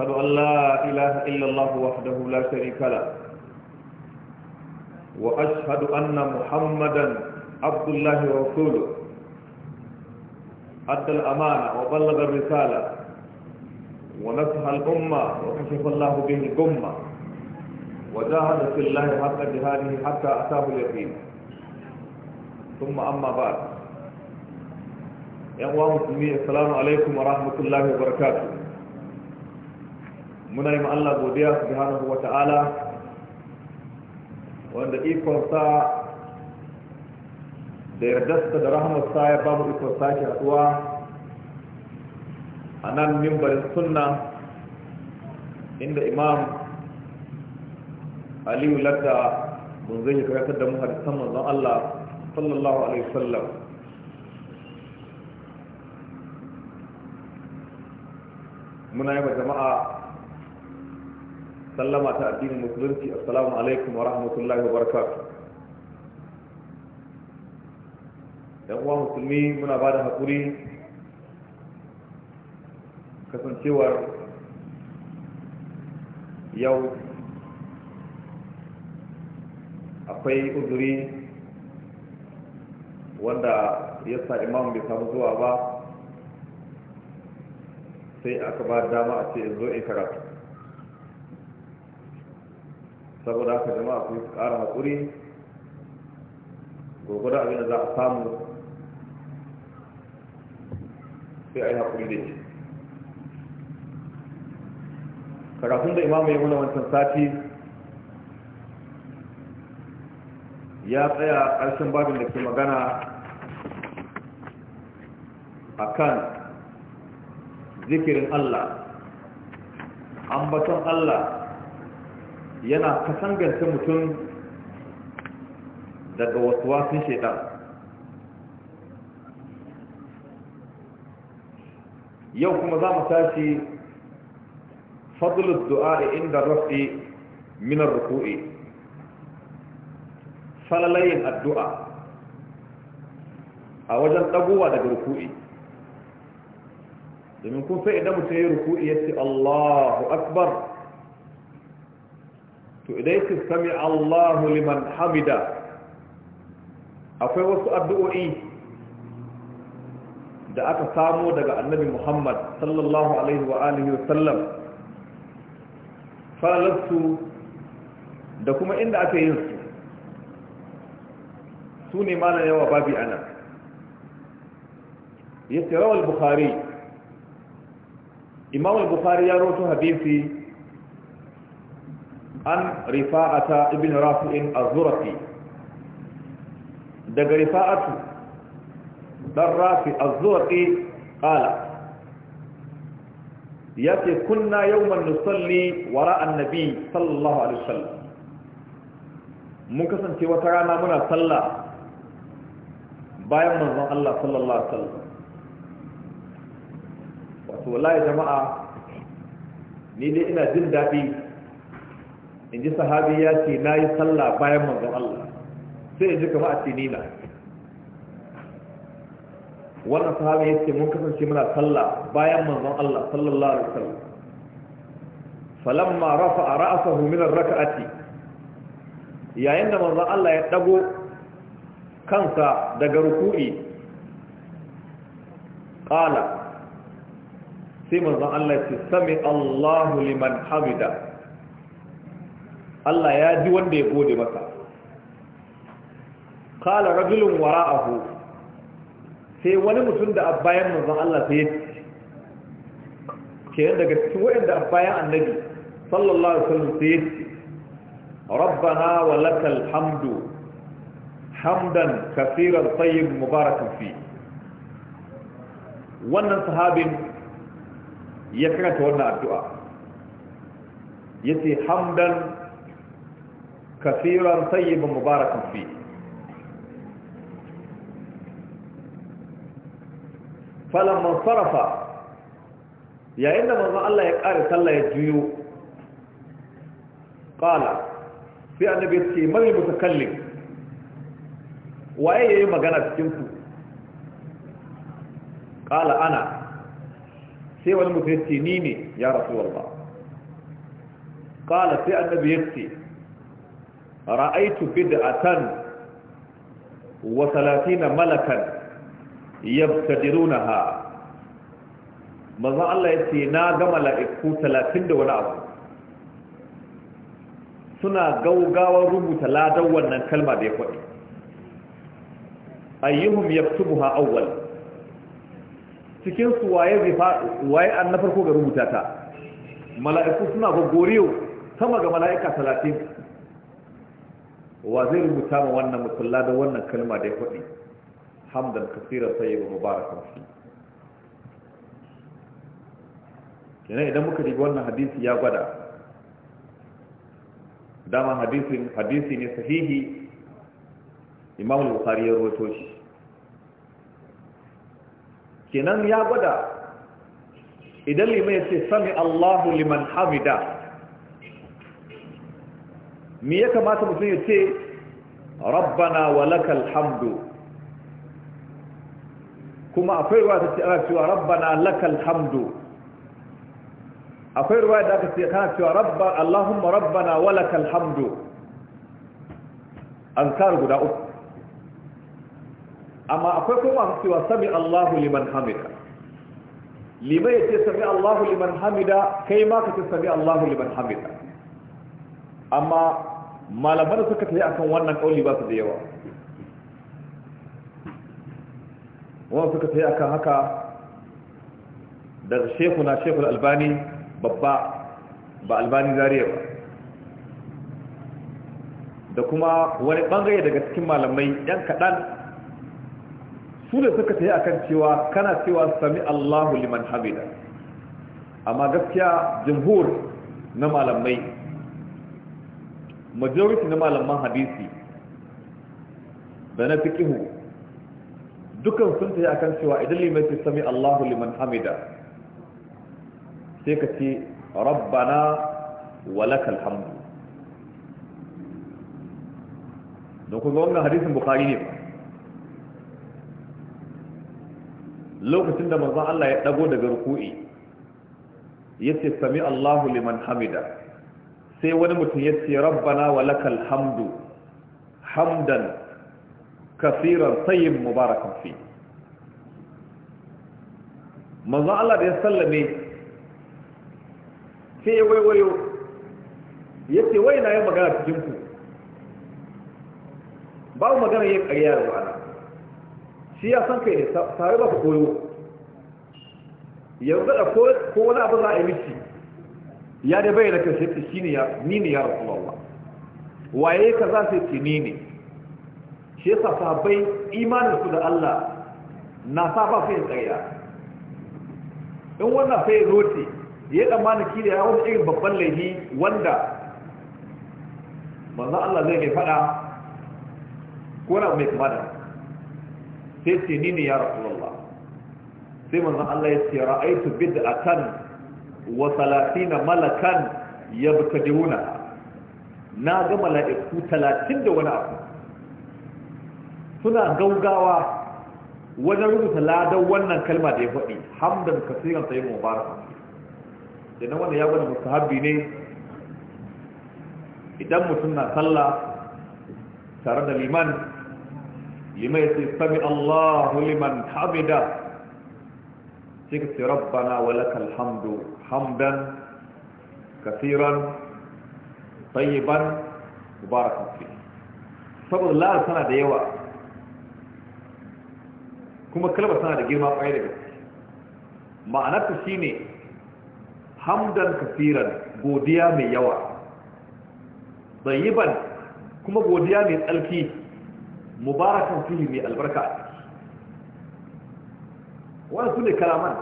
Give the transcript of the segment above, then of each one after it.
أشهد أن لا إله إلا الله وحده لا شريك له وأشهد أن محمدا عبد الله ورسوله أدى الأمانة وبلغ الرسالة ونصح الأمة وكشف الله به الأمة وجاهد في الله حق جهاده حتى أتاه اليقين ثم أما بعد يا أخوان السلام عليكم ورحمة الله وبركاته muna yi Allah godiya subhanahu wa ta'ala wanda ikonsa da yardarsa da rahamarsa ya ba mu ikon ke haɗuwa a nan mimbarin sunna inda imam aliyu ladda mun zai karatar da mu hadisan manzon Allah sallallahu alaihi wasallam muna yi jama'a sallama ta addinin musulunci assalamu alaikum wa rahmatullahi wa barakatuh uwa musulmi muna ba da haƙuri kasancewar yau akwai uzuri wanda ya sa imam bai samu zuwa ba sai aka ba dama a ce zo in karatu saboda haka jama'a ku ƙara haƙuri gobe abin da za a samu sai a yi haƙuri da shi karatun da imamu ya muna wancan sati ya tsaya ƙarshen babin da ke magana a kan zikirin Allah ambaton Allah yana kasanganta mutum daga wasu wasun yau kuma za mu tashi fadlul du'a inda rafi minar ruku'i falalayin addu'a a wajen ɗaguwa daga ruku'i domin kun sai idan mutum ya yi ruku'i ya ce Allahu akbar to idan yake sami Allahu liman hamida akwai wasu addu'o'i da aka samo daga annabi Muhammad sallallahu alaihi wa alihi wasallam falalarsu da kuma inda aka yin su su ne mana yawa babi ana ya rawar bukhari imam al-bukhari ya roto hadisi عن رفاعة ابن رافع الزرقي دق رفاعة الرافع الزرقي قال يأتي كنا يوما نصلي وراء النبي صلى الله عليه وسلم مكسن في وطرانا منا صلى من الله صلى الله عليه وسلم wato wallahi jama'a ni dai ina jin daɗi in ji sahabi ya ce na yi sallah bayan manzon Allah sai in ji kama a ce nina wannan sahabi ya ce mun kasance muna sallah bayan manzon Allah sallallahu alaihi wasallam falamma rafa'a ra'sahu min ar-rak'ati yayin da manzon Allah ya dago kansa daga ruku'i qala sai manzon Allah ya ce sami Allahu liman hamida Allah ya ji wanda ya gode masa qala rajulun wara'ahu sai wani mutum da bayan manzon Allah sai ke daga cikin wanda bayan annabi sallallahu alaihi wasallam sai rabbana wa lakal hamdu hamdan kaseeran tayyib mubarakan wannan sahabin ya karanta wannan addu'a yace hamdan kasiran tsayibin mubarakin fi falon mansarafa yayin da mazan Allah ya ƙari sallah ya juyo ƙala sai annabi ce mai mutu kallin waye ya yi magana cikinsu ƙala ana sai wani mutu ya ce ni ne ya rasuwar ba ƙala sai annabi ya ce ra'aitu bid'atan wa 30 malakan yabtadirunaha manzo Allah yace na ga mala'iku 30 da wani abu suna gaugawar rubuta ladan wannan kalma da ya fadi ayyuhum yaktubuha awwal cikin su waye waye an na farko ga rubuta ta mala'iku suna gogoriyo sama ga mala'ika 30 wa zai rubuta ma wannan mutulla da wannan kalma da ya faɗi hamdan sai tayyiba mubarakan shi kenan idan muka ji wannan hadisi ya gwada dama hadisin hadisi ne sahihi imam al-bukhari ya rawaito shi kenan ya gwada idan limai ya ce sami Allahu liman hamida me ya kamata mutum ya ce rabbana walakal hamdu kuma akwai ruwa ta ce ana cewa rabbana lakal hamdu akwai ruwa da aka ce kana cewa rabba allahumma rabbana walakal hamdu An azkar guda uku amma akwai kuma masu cewa sami allahu liman hamida Liman ya ce sami allahu liman hamida kai ma ka ce sami allahu liman hamida amma malaman da suka tafi akan wannan kauli ba su da yawa wanda suka tafi akan haka daga shehu na shehu albani babba ba albani zariya ba da kuma wani bangare daga cikin malamai yan kaɗan su da suka tafi akan cewa kana cewa sami allahu liman hamida amma gaskiya jimhur na malamai majority na malaman hadisi da na fikihu dukan sun ta yi akan cewa idan limai su sami Allahu liman hamida sai ka ce rabbana walakal hamdu don kuma wannan hadisin bukari ne lokacin da manzon Allah ya dago daga ruku'i ya ce sami Allahu liman hamida sai wani mutum ya ce rabbana wa lakal hamdu hamdan kafiran sayyin mubarakan fi manzo Allah da ya sallame sai ya waiwayo ya ce wai na yi magana cikin ku babu magana yin ƙarya da wa'ana shi ya san kai ne tare ba ku koyo yanzu da ko wani abu za a yi miki ya da bai laka sai ta shine ya ni ne ya rasulullah waye ka za sai ce ni ne shi yasa bai imanin su da Allah na sa ba sai tsaya in wannan sai rote ya dan manaki da ya wani irin babban laifi wanda manzo Allah zai mai fada ko na mai kuma da sai ce ni ne ya rasulullah sai manzo Allah ya ce ra'aytu bid'atan wa salatina malakan yabtadiuna na ga mala'iku talatin da wani abu suna gaugawa wajen rubuta ladan wannan kalma da ya faɗi hamdan kasiran sayi mubarak idan wanda ya gwada mustahabbi ne idan mutum na sallah tare da liman ya sai sami allahu liman hamida sai ka ce rabbana wa lakal hamdu hamdan kasiran tayyiban mubarakan fi saboda la'ar tana da yawa kuma kalmar tana da girma kwaye da gaske ma'anarta shine hamdan kasiran godiya mai yawa tayyiban kuma godiya mai tsarki mubarakan fi mai albarka Wani su ne karaman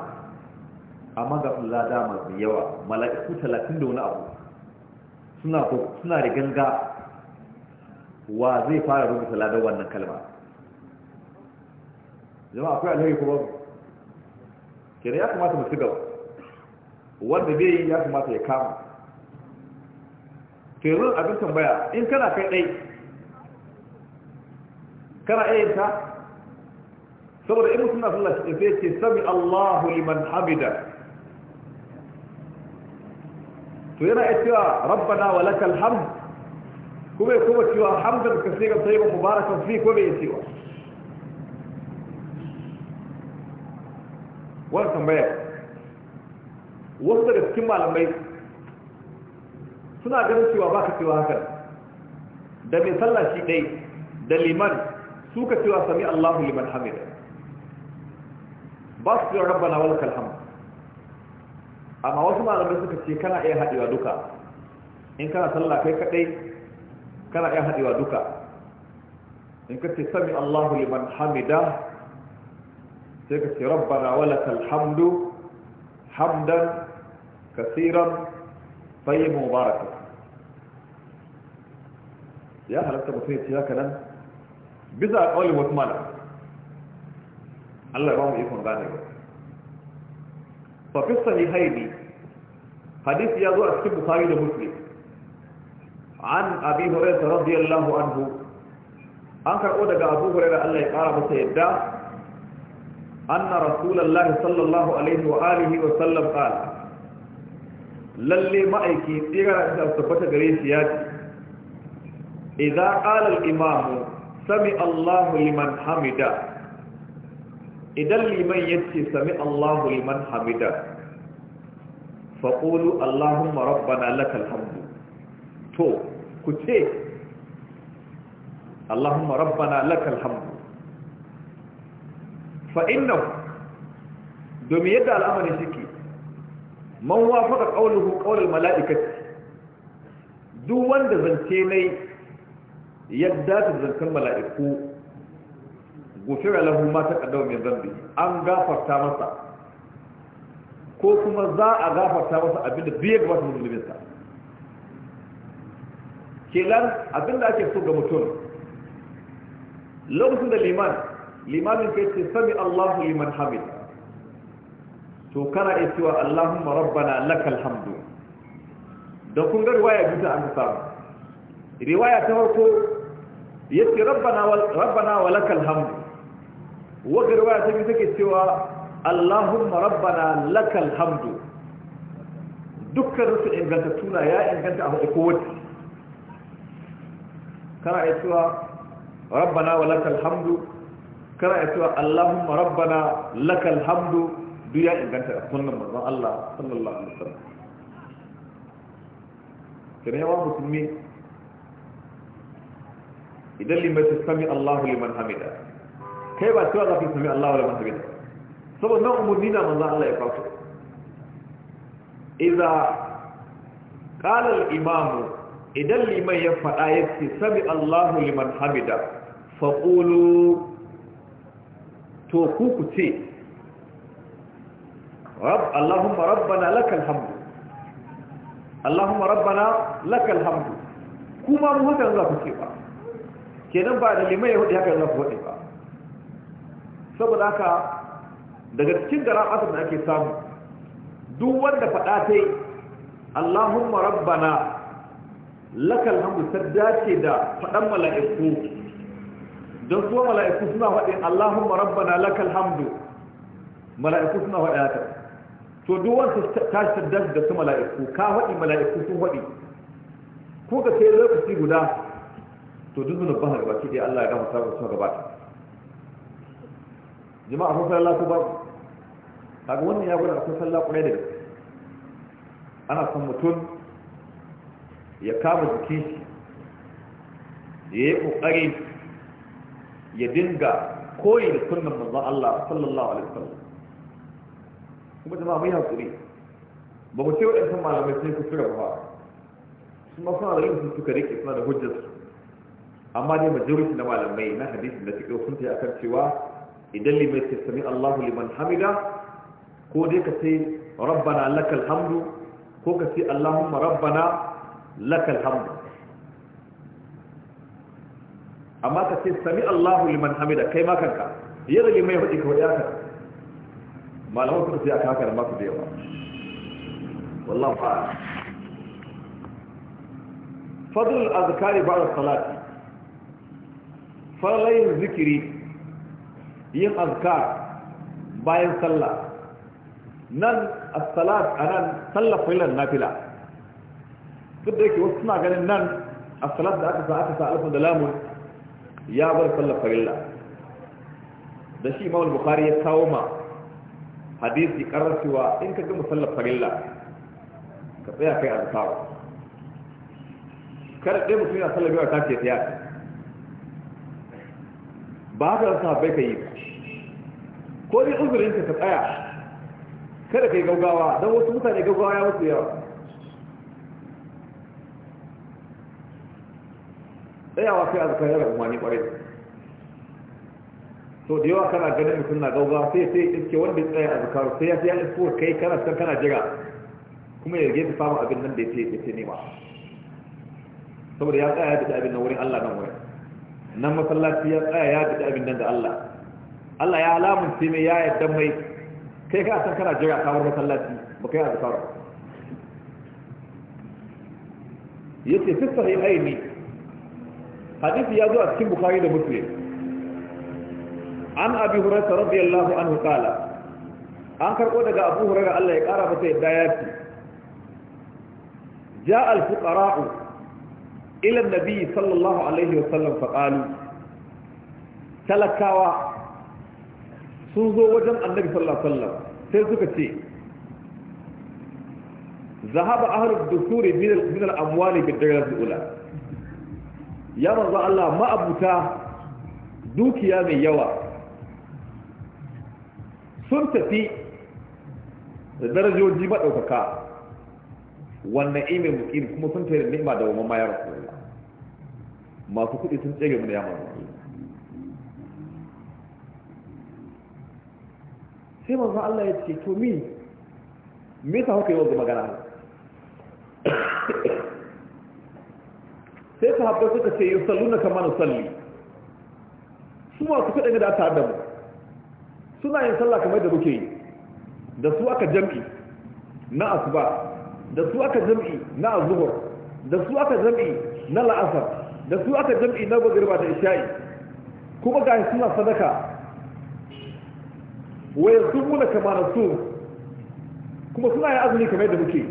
amma ga lada masu yawa mala'iku talatin da wani abu suna da ganga wa zai fara rubuta ladar wannan kalma Zama akwai kuma ko Ke kenan ya kamata mu shiga wanda bai yi ya kamata ya kama to yanzu abin tambaya in kana kai ɗai kana iya yin ta saboda in mutum na sallah sai ce sami Allahu liman hamida to yana iya cewa rabbana wa lakal hamd kuma ya kuma cewa hamdan ka sai ga sai mubarakan fi ko bai cewa wannan tambaya wasu daga cikin malamai suna ganin cewa ba ka cewa haka da mai sallah shi ɗai da liman suka cewa sami Allahu liman hamida ba su cewa rabbana wal kalham amma wasu malamai suka ce kana iya haɗewa duka in kana sallah kai kaɗai kana iya haɗewa duka in ka ce sami allahu liman hamida sai ka ce rabbana wal kalhamdu hamdan kasiran tsayin mubaraka ya halatta mutum ya ce haka nan bisa a ƙaunin wasu malamai Allah ba mu ikon gane ba fa fi sahihaini hadisi ya zo a cikin bukhari da muslim an abi hurairah radiyallahu anhu an karɓo daga abu hurairah Allah ya ƙara masa yadda anna rasulullahi sallallahu alaihi wa alihi wa sallam qala lalle ma'aiki tsira da tabbata gare shi ya ce idza qala al-imam sami Allahu liman hamida idan liman yace sami Allahu liman hamida fa qulu Allahumma rabbana lakal hamdu to ku ce Allahumma rabbana lakal hamdu fa innahu domin yadda al'amari shike man wafaqa qawluhu qawl al mala'ikati duk wanda zance ne yadda ta zankan mala'iku gufira lahu ma taqaddama min dhanbi an gafarta masa ko kuma za a gafarta masa abinda biye ga wata musulmin sa kelan abinda ake so ga mutum lokacin da liman limamin ke ce sami Allahu liman hamid to kana iya cewa Allahumma rabbana lakal hamdu Da kun ga riwaya bisa an samu riwaya ta farko yace rabbana wal rabbana walakal hamdu wakar waya ta take cewa Allahumma rabbana lakal hamdu dukkan su inganta tuna ya inganta a hudu kowace kana ya cewa rabbana wa lakal hamdu kana ya cewa Allahumma rabbana lakal hamdu duk ya inganta a sunan manzon Allah sallallahu alaihi wasallam kene yawa musulmi idan limai sami Allahu liman hamida kai ba cewa za ka sami Allah wala masu gida saboda nan umarni na manzan Allah ya fato iza ƙalar imamu idan liman ya faɗa ya ce sami Allahu liman hamida faƙulu to ku ce رب اللهم ربنا لك الحمد اللهم ربنا لك الحمد كما مهدن ذاك كيبا kenan ba da limai yahudi haka za ku wade saboda haka daga cikin gara asar da ake samu duk wanda faɗa ta yi allahumma rabbana lakal hamdu ta dace da faɗan mala'iku don kuma mala'iku suna faɗi, allahumma rabbana lakal hamdu mala'iku suna faɗa ta to duk wanda ta dace da su mala'iku ka faɗi mala'iku sun faɗi ko ka sai lokaci guda to duk zunuban gaba ki dai Allah ya gama sabon sun gabata jama'a akwai sallah ko babu kaga wannan ya gwada akwai sallah kurai da gaske ana son mutum ya kama jikin shi ya yi kokari ya dinga koyi da sunnan manzon Allah sallallahu alaihi wasallam kuma jama'a mai hakuri ba mu ce waɗansu malamai sai ku tura ba su ma suna da yin suka rike suna da hujjarsu amma dai majority na malamai na hadisi da fiƙo sun ta akan cewa idan limai ce sami Allahu liman hamida ko dai ka ce rabbana lakal hamdu ko ka ce Allahumma rabbana lakal hamdu amma ka ce sami Allahu liman hamida kai makanka kanka yadda limai ya faɗi ka faɗi haka malaman suka ce aka haka da masu da yawa wallahu fa'a fadlul azkari ba'da salati falayin zikiri yin azkar bayan sallah nan as-salat anan sallah filan nafila duk da yake wasu suna ganin nan as-salat da aka sa aka sa alfa da lamun ya bar sallah farilla da shi imam al-bukhari ya kawo ma hadisi karar cewa in ka gama sallar farilla ka tsaya kai azkar kar da mutum yana sallar biyar ta ce ta ba haka da bai ka yi ba ko ni uzurin ka tsaya kada kai gaugawa don wasu mutane gaugawa ya musu yawa tsayawa sai a zaka yara umarni kwarai so da yawa kana ganin mutum na gaugawa sai sai iske wanda ya tsaya a zakaru sai ya sai ya isko kai kana san kana jira kuma ya rage ta samun abin nan da ya ce nema saboda ya tsaya ya daɗa abin nan wurin allah nan wurin nan masallaci ya tsaya ya daɗa abin nan da allah Allah ya alamunce mai ya yadda mai kai ka san kana jira kamar masallaci ba kai azkar yace fi sahihaini hadisi ya zo a cikin bukhari da muslim an abi hurairah radiyallahu anhu qala an karbo daga abu hurairah Allah ya kara masa yadda ya ce جاء الفقراء إلى sallallahu alaihi wa sallam وسلم فقالوا Talakawa. sun zo wajen annabi sallallahu alaihi wasallam sai suka ce zahaba ahlu dusuri min al-amwali bid-darajatil ula ya manzo Allah ma abuta dukiya mai yawa sun tafi da darajoji maɗaukaka wannan imin mukin kuma sun tare ni'ima da wamma ya rasu masu kuɗi sun tsere mu da yamma sai manzon Allah ya ce to mi me ka haka yau da magana sai ta suka ce yi salluna na salli su ma su kaɗa da ta da mu suna yin sallah kamar da muke yi da su aka jam'i na asuba da su aka jam'i na azuhur da su aka jam'i na la'asar da su aka jam'i na bagirba da isha'i kuma ga suna sadaka wa sun kama nasum kuma suna yin azumi kamar yadda muke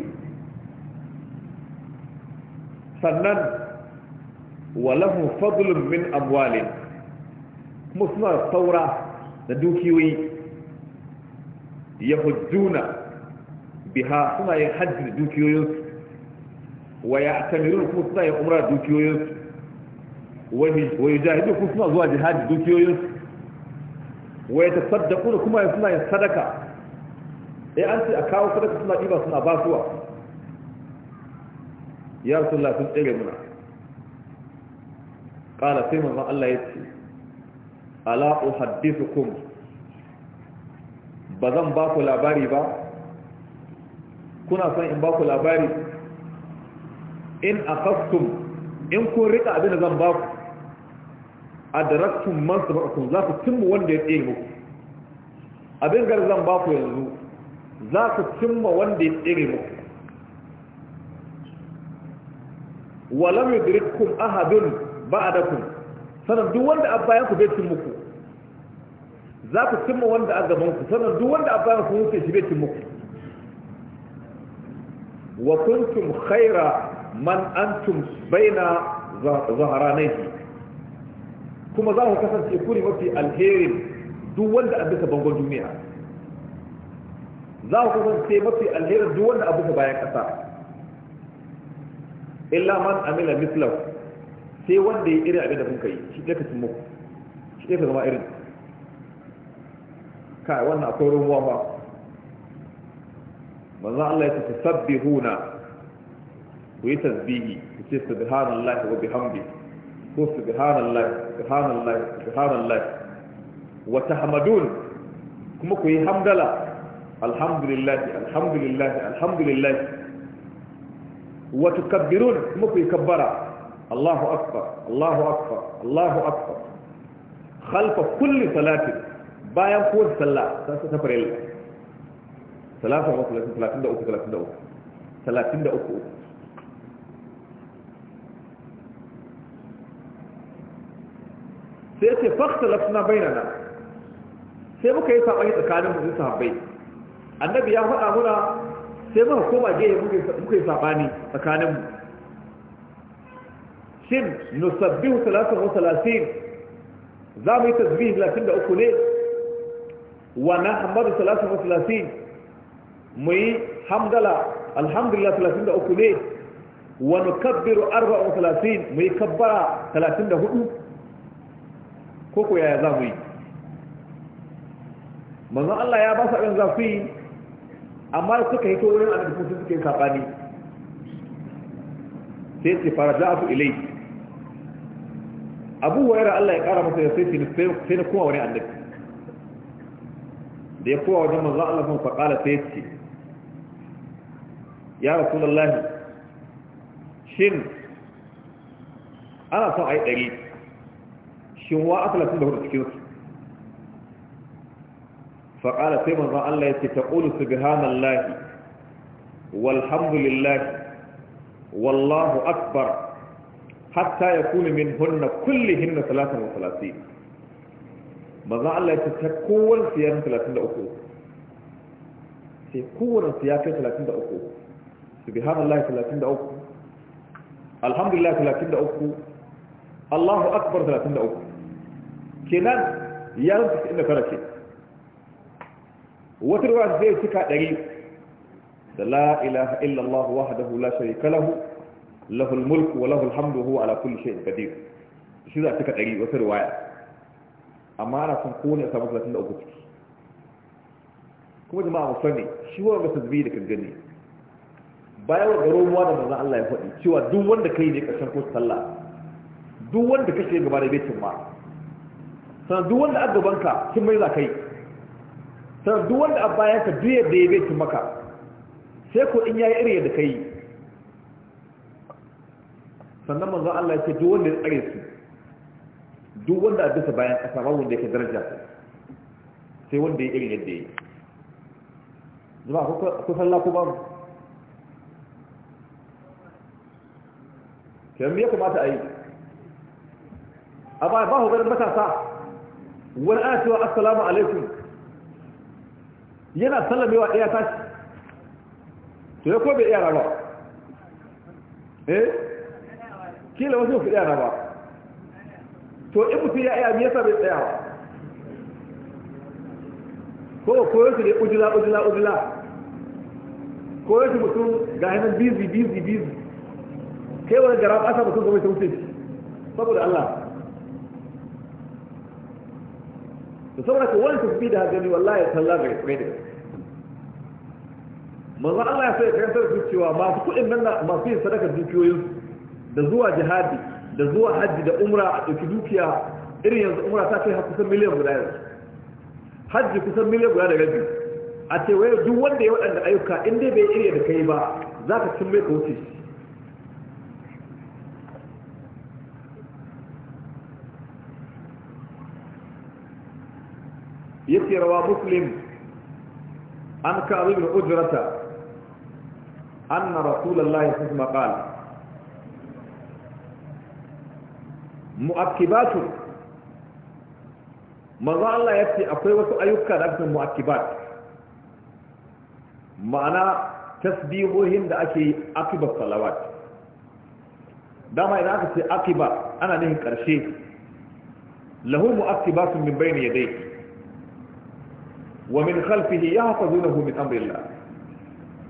sannan wa fadlun min amwalin kuma suna saura da dukiyoyi ya yahujjuna biha suna yin hajji da dukiyoyinsu wa ya'tamirun kuma suna yin umra da dukiyoyinsu wa yujahidu kuma suna zuwa jihar da dukiyoyinsu wa ya tasaddaku da kuma suna yin sadaka eh an ce a kawo sadaka suna ɗiba suna basuwa ya rasulullah lafin tsere muna qala sai manzon Allah ya ce Ala'u uhaddithukum bazan ba zan ku labari ba kuna son in ba ku labari in akhaftum in kun riƙa abin da zan ba ku adraktum man sabaqakum za ku cimma wanda ya tsere muku abin garzan ba ku yanzu za ku cimma wanda ya tsere muku walam yudrikkum ahadun ba'dakum sanan duk wanda abba ya ku bai cimma muku za ku cimma wanda a gaban ku sanan duk wanda abba ya ku yake shi bai cimma muku wa kuntum khaira man antum baina zaharanaihi kuma za ku kasance kuri mafi alherin duk wanda a bisa bangon duniya za ku kasance mafi alherin duk wanda a bisa bayan ƙasa illa man amila mislahu sai wanda ya irin abin da kuka yi, shi ɗaya ka cin shi ɗaya ka zama irin kai wannan akwai ruwa ba manzo Allah ya ce tasabbihuna ku yi tasbihi ku ce subhanallahi wa bihamdihi ko subhanallah subhanallah wa tahmadun kuma ku yi hamdala alhamdulillah alhamdulillah alhamdulillah wa tukabbirun kuma ku yi kabbara Allahu akbar Allahu akbar Allahu akbar khalfa kulli salatin bayan kowace sallah ta farilla salatu wa salatu 33 da uku. sai ce fakta bai nana sai muka yi saɓani tsakanin mu sahabbai annabi ya faɗa muna sai muka koma gehe muka yi sabani tsakanin mu shin nusabbihu 33 za mu yi da uku ne wa nahmadu 33 mu yi hamdala alhamdulillah uku ne wa nukabbiru 34 mu yi kabbara talatin da hudu. ko ko yaya za mu yi manzon Allah ya ba su abin za su yi amma suka hito wurin annabi su suke sabani sai ce fara ja'atu ilai Abu wayar Allah ya kara masa sai sai sai na kuma wani annabi da ya kowa wajen manzon Allah sun faƙala sai ce ya rasulullahi shin ana son a yi ɗari shin wa a talatin da hudu cikin su faƙala sai manzan Allah ya ce ta ƙulu su bihanallahi walhamdulillahi wallahu akbar hatta ya kuni min hunna kulli hinna talatin wa talatin manzan Allah ya ce ta kowane siyarin talatin da uku sai kowane siyarin talatin da uku su bihanallahi talatin da uku Alhamdulillahi talatin da uku Allahu akbar uku. kenan ya rufe inda tara ce wata ruwa zai cika ɗari da la ilaha illallah wahdahu la sharika lahu lahul mulku wa lahul hamdu huwa ala kulli shay'in qadir shi za cika ɗari wata ruwaya amma ana son kowane a samu uku ciki kuma jama'a mu sani shi wa ga tasbih da kan gani bayan ga romuwa da manzon Allah ya faɗi cewa duk wanda kai ne karshen ko sallah duk wanda kashe gaba da bai ma. sannan duk wanda a gabanka cin mai za kai yi sannan duk wanda a bayanka duk yadda ya bai cin maka sai ko in yayi iri yadda ka yi sannan manzan Allah ya ce duk wanda ya tsare su duk wanda a bisa bayan ƙasa ba wanda yake daraja sai wanda ya irin yadda ya yi ko akwai sallah ko babu kenan me ya kamata a yi a ba ba hu garin matasa wani ana cewa assalamu alaikum yana sallamewa ɗaya tashi to ya ko bai iya raba eh kila wasu ku iya raba to in mutum ya iya miyasa bai tsaya ba ko koyo su ne ujula ujula ujula koyo su mutum ga hannun bizi bizi bizi kai wani garam asa mutum zama ta wuce saboda Allah da saboda ka wani tafi da gani wallahi talla bai kwai da manzo Allah ya sai kan sarki cewa masu kuɗin nan na masu yin sadaka dukiyoyin da zuwa jihadi da zuwa haji da umra a ɗauki dukiya irin yanzu umra ta kai kusan miliyan guda yanzu hajji kusan miliyan guda da rabi a ce wai duk wanda ya waɗanda ayyuka in dai bai iya da kai ba za ka cin mai ka wuce يكي روا مسلم عن كاظم ابن أجرة أن رسول الله صلى الله عليه وسلم قال مؤكبات ماذا الله يكي أقوته أيكا لكي مؤكبات معنى تسبيحهم دا أكي أكب الصلوات دام إذا أكي أكب أنا نهي كرشي له مؤكبات من بين يديه ومن خلفه يحفظونه من أمر الله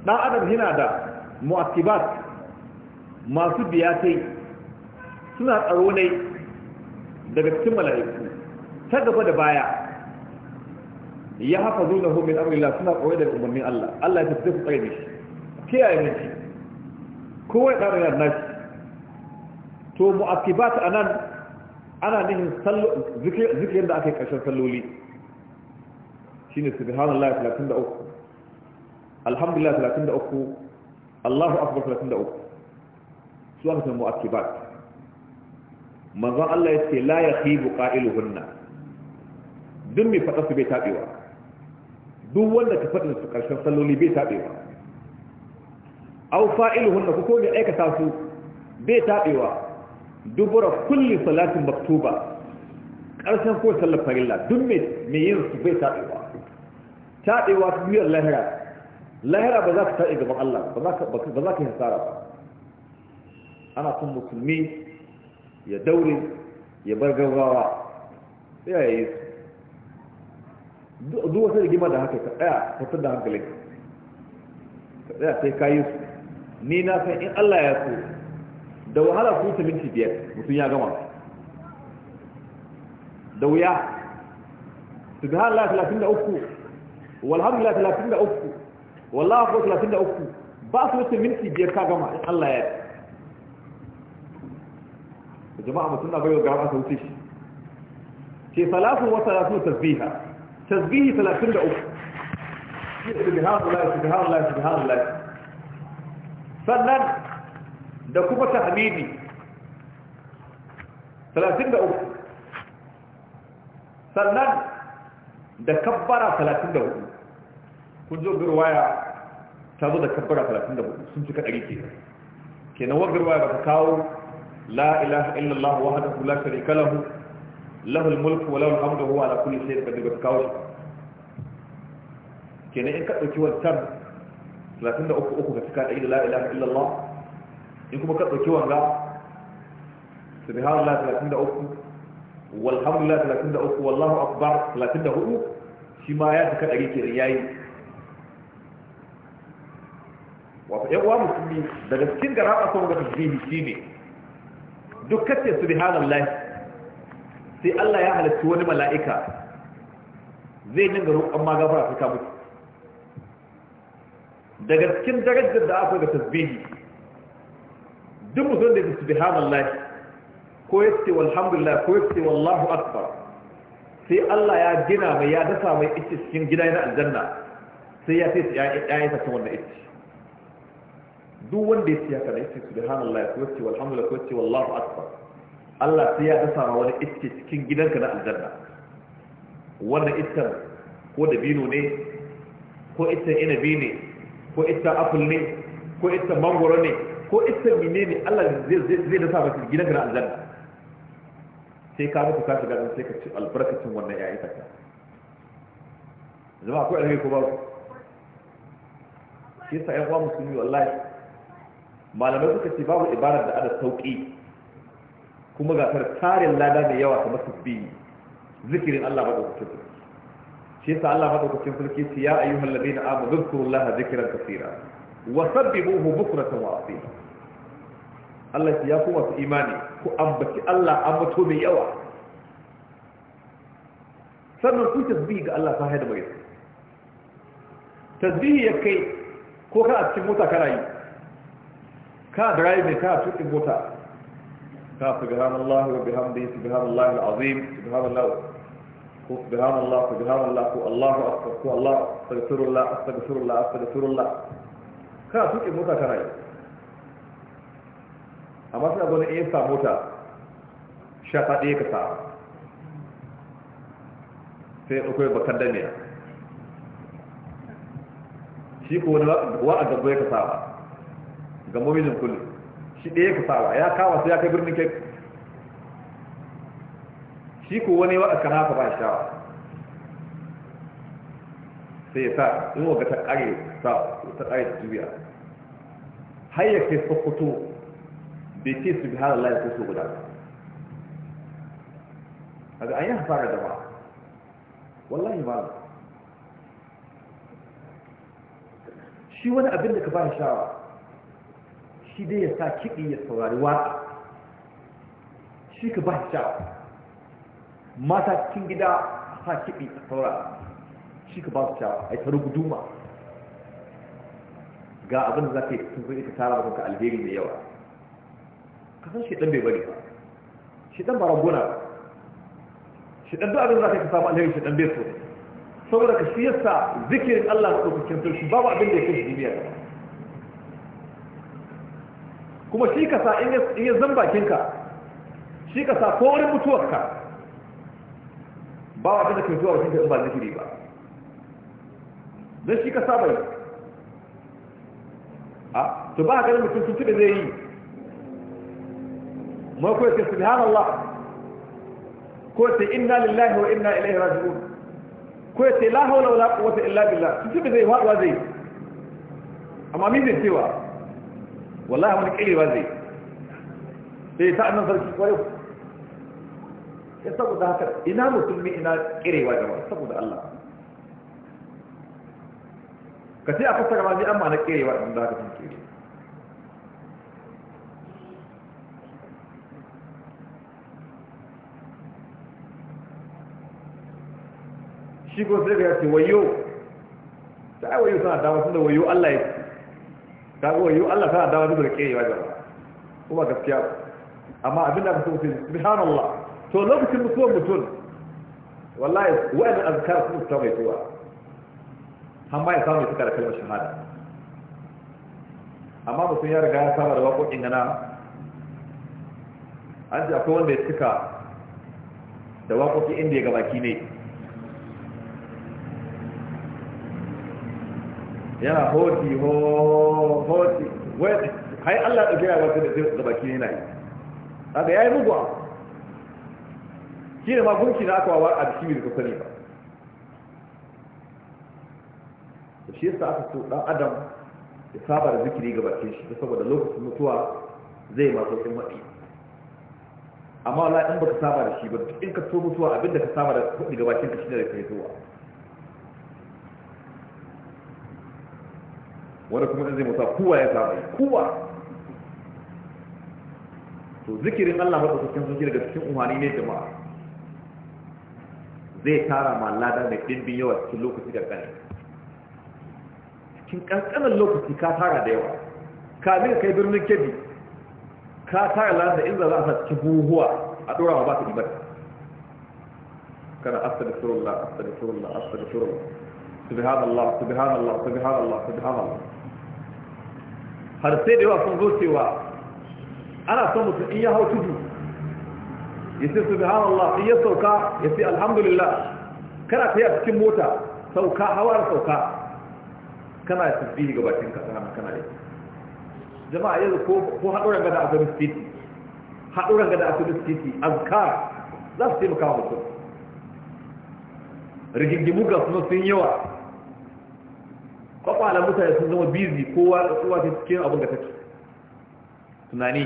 دا أدب هنا دا مؤكبات ما سبياتي سنة أروني دا بكتم ملائك تدفع دبايا يحفظونه من أمر الله سنة أريد الأمر من الله الله يتفضل قيمش كي أعلمش كوي قرر الناس تو مؤكبات أنا أنا نحن سلو ذكر ذكر عندك عشان سلولي shine subhanallahi 33 alhamdulillah 33 Allahu akbar 33 su aka samu akibat manzon Allah ya ce la yakhibu qailuhunna duk mai fada su bai tabewa duk wanda ka fada su karshen salloli bai tabewa aw fa'iluhunna ko ko mai aikata su bai tabewa dubura kulli salatin maktuba karshen ko sallar farilla duk mai yin su bai tabewa تاعي واتبير لهرة لهرة بذلك تاعي بمع الله بذلك هسارة أنا أكون مسلمي يا دوري يا برقوا يا عيس دو سيدي جيما ده هكي يا فتد هم قليل يا سيكا يوسف نينا سيئن الله يسوه دو هذا فوت من تبيت مسيا جماعة دو يا سبحان الله لكن أفوه walhamdulillah da wallahi ko uku, ba su wuce minti biyar ka gama in Allah ya yi jama'a mutum na bayo gaba su wuce shi ke salatu wa salatu tasbiha tasbihi 33 subhanallah subhanallah sannan da kuma tahmidi uku, sannan da kabbara uku. kun zo garwaya ta zo da kabbara 34 sun cika ɗari ke kenan wa garwaya ba ta kawo la ilaha illallah wahdahu la sharika lahu lahul mulku wa lahul hamdu huwa ala kulli shay'in qadir ba ta kawo shi kenan in ka ɗauki wancan 33 uku ka cika ɗari da la ilaha illallah in kuma ka ɗauki wanga subhanallah 33 walhamdulillah 33 wallahu akbar 34 shi ma ya cika ɗari kenan yayi wato ‘yan uwa musulmi daga cikin gara a sauran gaba zai shi ne duk kace su bihanan lai sai Allah ya halatta wani mala'ika zai dinga roƙon ma gafara ta mutu daga cikin darajar da aka ga tasbihi duk musulmi da ya subhanan lai ko ya ce walhamdulillah ko ya ce wallahu akbar sai Allah ya gina mai ya dasa mai ita cikin gida na aljanna sai ya ce ya yi ta wannan ita duk wanda ya siya kada yake subhanallah ko yace walhamdulillah ko yace wallahu akbar Allah sai ya dasa ma wani iske cikin gidanka na aljanna wannan iskar ko dabino ne ko iskar inabi ne ko iskar apple ne ko iskar mangoro ne ko iskar mine ne Allah zai dasa maka gidanka na aljanna sai ka mutu ka shiga sai ka ci albarkacin wannan ya'ya ta zama akwai alheri ko ba su shi sa ƴan uwa musulmi wallahi malamai suka ce babu ibarar da ada sauƙi kuma gasar tarin lada mai yawa kamar tasbihi zikirin Allah madaukakin sarki shi yasa Allah madaukakin sarki ce ya ayyuhal ladina amanu zkurullaha zikran kaseera wa sabbihuhu bukratan wa asila Allah ya ku masu imani ku ambaci Allah ambato mai yawa sannan ku tasbihi ga Allah sahaya da mai tasbihi ya kai ko a cikin mota kana yi ka driving ka tuƙin mota ka subhanallah wa bihamdi subhanallah alazim subhanallah ko su su subhanallah subhanallah ko Allahu akbar ko Allah astaghfirullah astaghfirullah astaghfirullah ka tuƙin mota kana yi amma sai a zo ne sa mota sha faɗe ka sa sai akwai bakan damiya shi ko wani wa a gaba ya ka sa ga mominin kullum shi ɗaya ka sawa ya kawo sai ya kai birnin kai shi ko wani wa aka nafa ba shawa sai ya sa in waga ta ƙare sa ta ƙare ta juya har ke sokoto bai ce su bi har Allah ya guda a ga an yi hasara da ba wallahi ba shi wani abin da ka ba shawa shi dai ya sa kiɗi ya saurari waƙa shi ka ba sha mata cikin gida a sa kiɗi a saura shi ka ba shi sha a yi ta guduma ga abin da za ka yi sun kuɗi ka tara maka alheri mai yawa ka san shaidan bai bari ba shaidan ba ragona ba shaidan duk abin da za ka yi ka samu alheri shaidan bai so saboda ka shi yasa zikirin Allah da ɗaukakin sarki babu abin da ya kai shi duniya kuma shi ka sa in ya zan bakinka shi ka sa ko wurin mutuwarka ba wa da ke zuwa wajen da in ba zikiri ba don shi ka sa bai a to ba ganin mutum tuntube zai yi ma kuwa ce subhanallah ko ce inna lillahi wa inna ilaihi raji'un ko ce la hawla quwwata illa billah tuntube zai haɗuwa zai amma mizin cewa wallahi wani ba zai sai ta annan sarki yau. ya saboda haka ina musulmi ina kirewa gaba saboda Allah ka ce a fasa ma zai amma na kirewa ɗin da haka sun kirewa shi ko sai ga ya ce wayo ta ai wayo suna dama sun da wayo Allah ya ta zuwa yi Allah tana dawa duk da kewa jama'a kuma gaskiya ba amma abin da aka so sai subhanallah to lokacin mutuwar mutum wallahi wa'annan azkar sun ta mai tuwa har ma ya samu suka da kalmar shahada amma mutum ya riga ya saba da waƙoƙin gana an ji akwai wanda ya cika da waƙoƙi inda ya gabaki ne yana hoti hoti wai hai Allah ɗauke ya wata da zai baki ne na yi daga ya yi mugwa shi ne magunki na aka wawa a jiki da kusa ne ba da shi yasa aka so ɗan adam ya saba da zikiri ga bakin shi saboda lokacin mutuwa zai masu sauƙin maɗi amma wala in baka saba da shi ba in ka so mutuwa abinda ka saba da kuɗi ga bakin ka shi ne da kai zuwa wani kuma zai mutu kowa ya saba kowa to zikirin Allah madaukakin sarki daga cikin umarni ne jama'a zai tara ma lada da dimbin yawa cikin lokaci da kanka cikin kankanin lokaci ka tara da yawa ka kamin kai birnin kebi ka tara da inda za a saki buhuwa a dora ma ba ta ibada kana surullah surullah surullah سبحان الله سبحان الله سبحان الله سبحان الله har sai da yawa sun zo cewa ana son mutum in ya hau tudu ya ce subhanallah in ya sauka ya ce alhamdulillah kana ta yi a cikin mota sauka hawar sauka kana ya tasbihi ga bakin ka sanan kana yi jama'a yanzu ko ko haɗuran gada a sabis titi haɗuran gada a sabis titi azkar za su taimaka mutum rigingimu ga suna sun yi yawa kwakwalan mutane sun zama bizi kowa kowa ta cikin abin da take tunani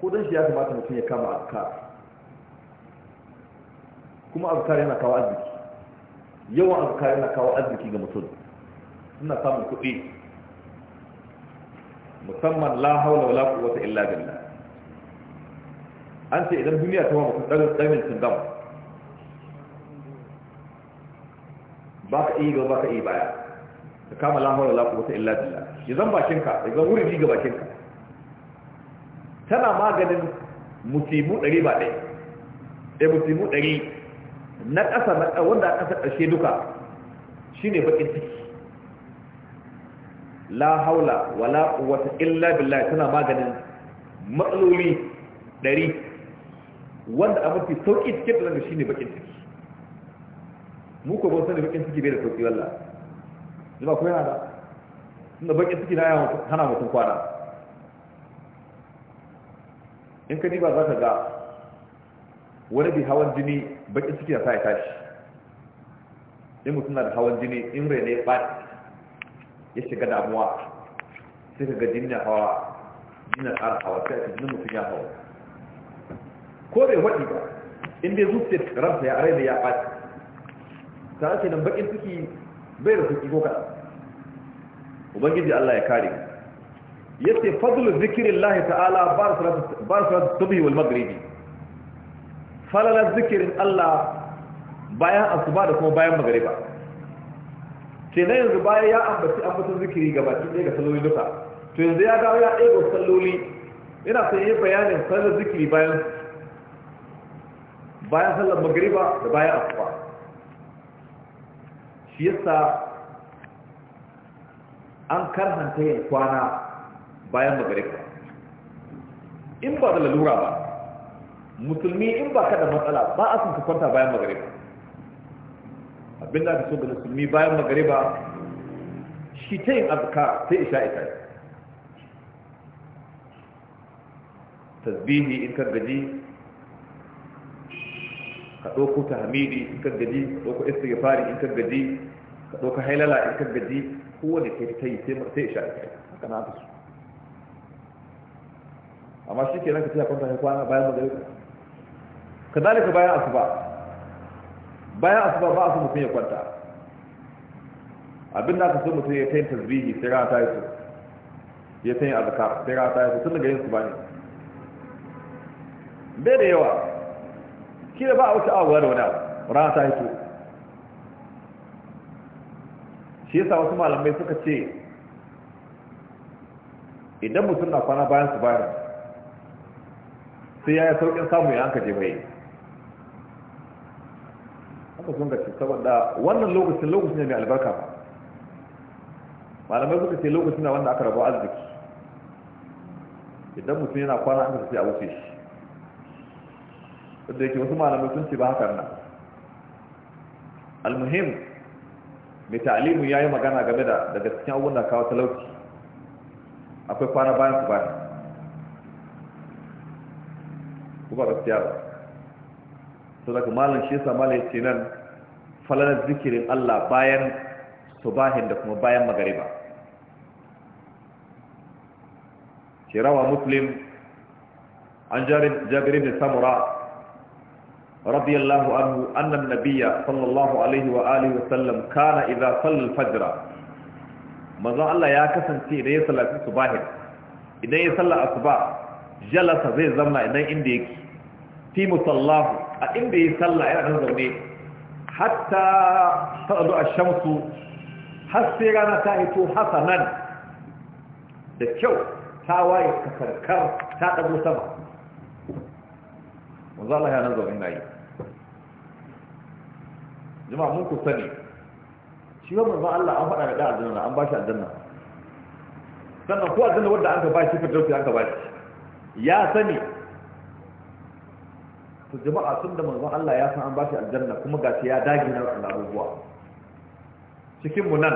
ko dan shi ya kamata mutum ya kama azkar kuma azkar yana kawo arziki yawan azkar yana kawo arziki ga mutum suna samun kuɗi musamman la haula wala quwwata illa billah an ce idan duniya ta wa mutum ɗarin tsindamu ba ka iya gaba ba ka iya baya ka kama lamar da ko wata illa billah ya zan bakinka ya zan wurin ji ga bakinka tana maganin musibu dari ba dai eh musibu ɗari na ƙasa na wanda a ƙasa duka shine bakin ciki la haula wala quwwata wata illa billah tana maganin matsaloli dari wanda a mafi sauƙi cikin da shi ne ciki mu ko ban da bakin ciki bai da sauki wallah zuba ko yana da tunda bakin ciki na yawan hana mutum kwana in ka diba za ka ga wani bi hawan jini bakin ciki na sa ya tashi in mutum na da hawan jini in rai ne ya ɓaci ya shiga damuwa sai ka ga jini na hawa jini na ƙara hawa sai ka jini mutum ya hawa ko bai waɗi ba in dai zuciya ransa ya rai ne ya ɓaci kana kenan bakin ciki bai da kuki ko ubangiji Allah ya kare yace fadlu zikrillah ta'ala bar salatu bar salatu wal maghribi falala zikirin Allah bayan asuba da kuma bayan magariba na yanzu bayan ya ambaci ambatan zikiri gabaki ɗaya ga saloli duka to yanzu ya dawo ya ɗaya ga saloli, yana son yi bayanin sallar zikiri bayan bayan sallar magariba da bayan asuba shi yasa an karhanta yin kwana bayan magarika in ba da lalura ba musulmi in ba ka da matsala ba a sun ka kwanta bayan magarika abinda ka so ga musulmi bayan magariba shi ta yin azuka sai isha isha tasbihi in kan gaji ka ɗauko tahmidi in ka gaji ɗauko istighfari in ka gaji ka ɗauko hailala in ka gaji kowane kai ta yi sai isha kai haka na su amma shi ke nan ka tiya kwanta ya kwana bayan magana ka ka bayan asuba bayan asuba ba a so mutum ya kwanta abin da aka so mutum ya kai tasbihi sai rana ta yi su. ya sanya azkar sai rana ta yi su. tun daga yin su ba ne bai da yawa shi da ba a wuce awa da wani abu rana ta hito shi yasa wasu malamai suka ce idan mutum na kwana bayan su bayan sai ya yi sauƙin samu ya hankali je mai haka sun gaci saboda wannan lokacin lokacin ne mai albarka ba malamai suka ce lokacin na wanda aka rabu arziki idan mutum yana kwana an ka sai a wuce shi da yake wasu malamai sun ce ba haka nan almuhim mai ta'alimu ya yi magana game da daga cikin abubuwan da kawo talauci akwai kwana bayan su bayan ku ba gaskiya ba to daga malam shi yasa malam yace nan falalar zikirin Allah bayan subahin da kuma bayan magariba kirawa muslim an jabirin da samura رضي الله عنه أن النبي صلى الله عليه وآله وسلم كان إذا صلى الفجر ماذا الله يا كسن تي إذا يصلى الصباح إذا يصلى الصباح جلس زي زمنا إذا إنديك في مصلاه إذا يصلى إذا نزلني حتى تطلع الشمس حسيرانا تاهتو حسنا da kyau ta waye ta karkar ta ɗago sama wanzu Allah ya nan zaune na yi jama'a mun ku sani shi ba manzon Allah an faɗa da aljanna an bashi aljanna sannan ko aljanna wanda an ka bashi fa dauki an ka bashi ya sani to jama'a sun da manzon Allah ya san an bashi aljanna kuma shi ya dage na wannan abubuwa cikin mu nan